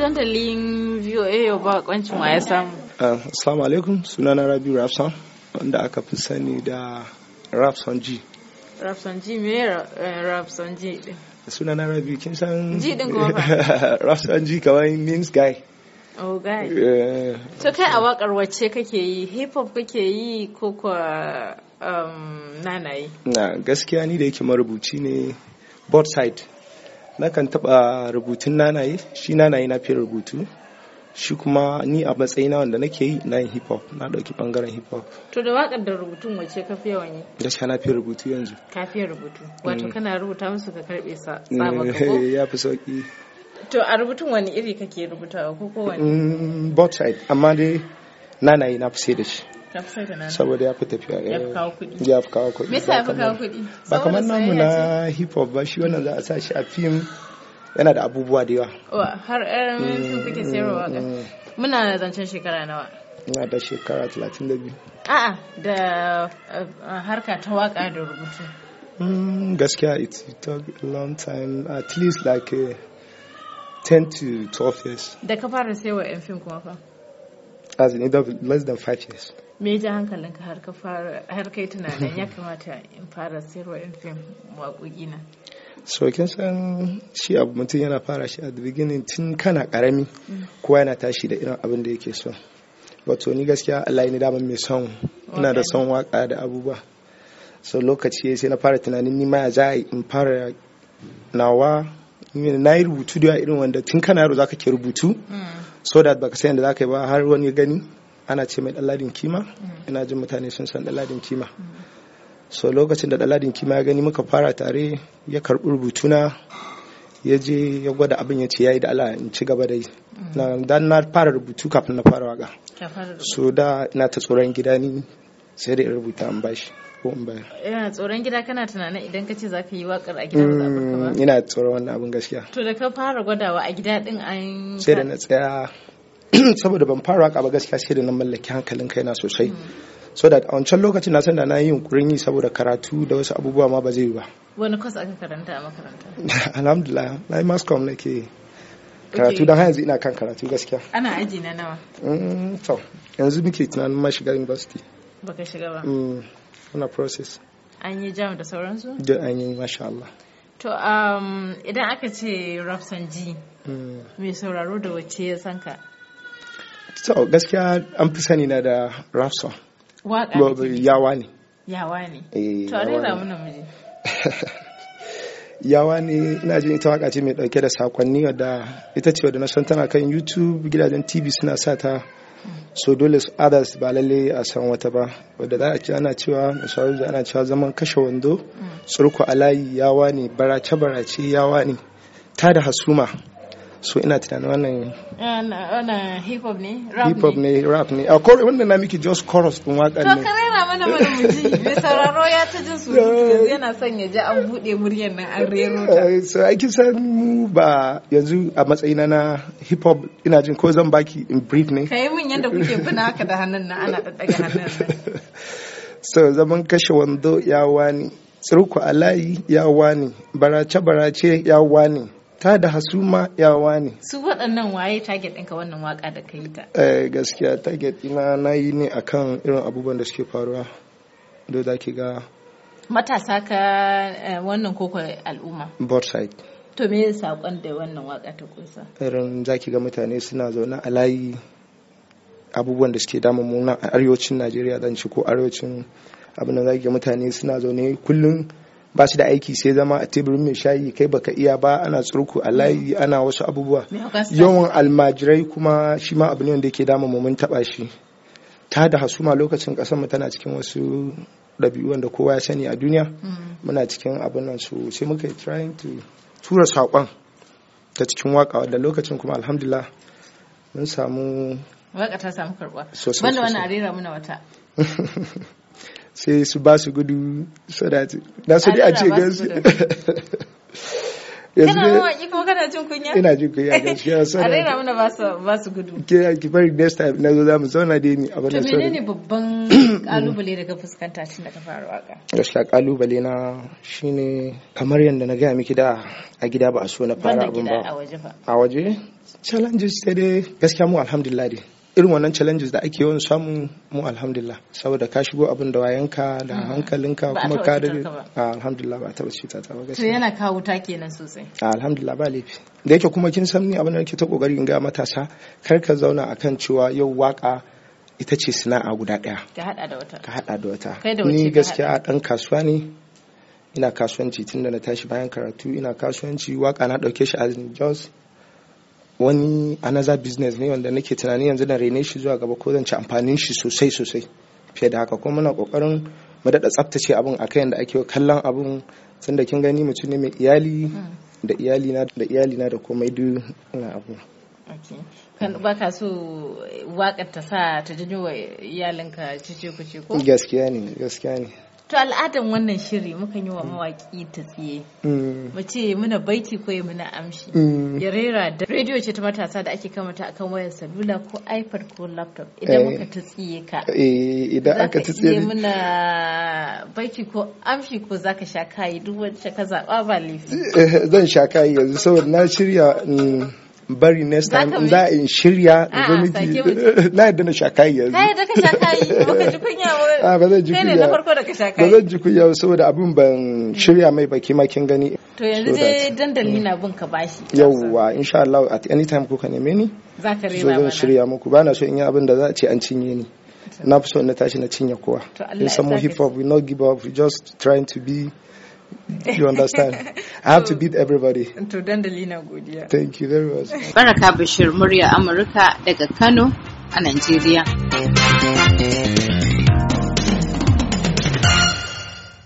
dandalin VOA yau ba kwancin wa ya samu. Ah, assalamu alaikum sunana rabi Rafsan wanda aka fi sani da Rafsan G. Rafsan G me eh, Rafsan G din? Sunana rabi kin san G din kuma G kawai means guy. Oh guy. So eh. kai a wakar wacce kake yi hip hop kake yi ko kwa um, nanayi? Na gaskiya ni da yake marubuci ne both side Na kan taɓa rubutun nanaye shi nanaye na fi rubutu shi kuma ni a matsayina wanda nake yi na hip hop na dauki bangaren hip hop to da wakar da rubutun wace ka fi yawan yi shi na fi rubutu yanzu ka fi rubutu wato mm. kana rubuta musu ka karbe sa eh, ya fi sauki to a rubutun wani iri kake rubutawa ko ko wani mm, both side amma dai nanaye na fi sai da shi saboda ya fi tafiya ya fi eh. kawo kuɗi ba kamar namu na hip hop ba shi wannan za a sa shi a fim yana da abubuwa da yawa har fim mm, kuke sayarwa mm. muna zancen shekara nawa ina da shekara 32 a'a da eh, eh, harka ta waka da rubutu mm, gaskiya it took a long time at least like 10 to 12 years da ka fara sai wa yan fim kuma fa as in less than 5 years me ji hankalin ka har kai tunanin ya kamata in fara sayarwa in fim waƙoƙi na so kin san shi abu mutum yana fara shi a beginning tun kana karami kowa yana tashi da irin abin da yake so wato ni gaskiya Allah ne daman mai son ina da son waka da abubuwa so lokaci sai na fara tunanin ni ma za a in fara nawa na yi rubutu da irin wanda tun kana yaro zaka ke rubutu mm. so that baka san da zaka yi ba har wani gani ana ce mai ɗaladin kima mm. ina jin mutane sun san ɗaladin kima so lokacin da ɗaladin kima ya gani muka fara tare ya karɓi rubutuna ya je ya gwada abin ya ce ya yi da ala in ci gaba mm. da yi na na fara rubutu kafin na fara waka so da ina ta tsoron gida ni sai da rubuta an bashi ko in bayar yana tsoron gida kana tunanin idan ka ce za ka yi wakar a gida ba mm, ina tsoron wannan abin gaskiya to da ka fara gwadawa a gida din an sai da na tsaya saboda ban fara waka ba gaskiya sai da na mallaki hankalin kaina sosai so that a wancan lokacin na san da na yi yunkurin yi saboda karatu da wasu abubuwa ma ba zai yi ba wani kwas aka karanta a makaranta alhamdulillah na yi mass com nake karatu don yanzu ina kan karatu gaskiya ana aji na nawa mm, to yanzu muke tunanin ma shiga university baka shiga ba ana mm, process an yi jam da sauransu da an yi masha Allah to um, idan aka ce ji mm. mai sauraro da wacce ya sanka So gaskiya an fi sani na da rap song. Waka yawa ne. Yawa ne. Eh, na Yawa ne ina jin ita waka ce mai ɗauke da sakonni wadda ita ce wadda na san tana kan YouTube gidajen TV suna sa ta so dole su others ba lalle a san wata ba wadda za a ce ana cewa misali da ana cewa zaman kashe wando mm. tsurku alayi yawa ne barace barace yawa ne ta da hasuma so ina tunanin wannan hip hop ne rap hip hop ne rap ne a ah, kore wanda na miki just chorus din waka ne to na mana mana mu ji me sauraro ya ta jin su yana son ya ji an bude muryar nan an rero ta eh, so ai san mu ba yanzu a matsayina na hip hop ina jin ko zan baki in brief ne kai mun yanda kuke bina haka da hannun na ana daddaga hannun so zaman kashe wando ya wani tsirku alayi ya wani barace barace ya wani ta da hasuma yawa ne su waɗannan waye target ɗinka wannan waka da ka yi ta eh gaskiya target ina na yi ne akan irin abubuwan da suke faruwa da za ki ga matasa ka eh, wannan koko al'umma both side to me saƙon da wannan waka ta kusa irin za ki ga mutane suna zaune a layi abubuwan da suke damu muna a arewacin Najeriya zan ci ko arewacin abin da za ki ga mutane suna zaune kullum ba shi da aiki sai zama a teburin mai shayi kai baka iya ba ana tsurku a layi ana wasu abubuwa yawan almajirai kuma shi ma abu ne wanda yake dama mun taba shi ta da hasuma lokacin kasar mu tana cikin wasu ɗabi'u wanda kowa ya sani a duniya mm. muna cikin abin nan su sai muka yi trying to tura saƙon ta cikin waka da lokacin kuma alhamdulillah mun samu waka ta samu karɓa sosai banda wani arera muna wata sai su ba su gudu sadati na su dai a ce gasu yanzu kana mawaƙi kuma kana jin kunya ina jin kunya gaskiya sana a raina mana ba su gudu ke ki bari next time na zo za mu zauna dai ni a wannan to menene babban kalubale daga fuskanta tun da ka fara waka gaskiya kalubale na shine kamar yanda na gaya miki da a gida ba a so na fara abun ba a waje ba a waje challenges sai dai gaskiya mu alhamdulillah dai irin wannan challenges da ake yawan samu mu alhamdulillah saboda ka shigo abin da wayanka da hmm. hankalinka kuma ka da ah, alhamdulillah ba ta bace ta ta ba gaskiya yana kawo ta kenan sosai ah, alhamdulillah ba laifi da yake kuma kin san ni abin da nake ta kokari in ga matasa kar ka zauna akan cewa yau waka ita ce sana'a guda daya ka hada da wata ka hada da wata ni gaskiya dan kasuwa ne ina kasuwanci tun da na tashi bayan karatu ina kasuwanci waka na dauke shi a jos wani another business ne wanda nake tunani yanzu na rene shi zuwa gaba ko zan ci amfanin shi sosai sosai fiye da haka kuma muna kokarin mu daɗa tsaftace abun a kan yadda ake kallon abun tun da kin gani mutum ne mai iyali hmm. da iyali na da iyali na da komai duk ina abu kan ba ka so wakar ta sa ta janyo wa iyalinka cece ku ce ko gaskiya ne gaskiya ne to al'adan wannan shiri mukan yi wa mawaki ta tsiye mm. mu ce muna baiti ko ya muna amshi mm. ya rera da rediyo ce ta matasa da ake kamata akan wayar salula ko ipad ko laptop idan eh. muka ta tsiye ka eh, idan aka ta tsiye muna baiti ko amshi ko zaka sha kayi duk wacce ka zaba ba laifi eh, zan sha kayi yanzu saboda na shirya mm, bari next time za in shirya da zo miki na yadda na shakayi yanzu ka yadda ka shakayi baka ji kunya ba zan ji kunya na farko da ka shakayi ba zan ji kunya ba saboda abin ban shirya mai baki ma kin gani to yanzu dai dandali mm. na bin ka bashi yawwa insha Allah at any time kuka neme ni za ka rera zan shirya muku ba na so in yi abin da za a ce an cinye ni na fi so na tashi na cinye kowa in samu hip hop we not give up we just trying to be you understand i have to beat everybody to dandali na godiya thank you very much baraka bashir murya amurka daga kano a nigeria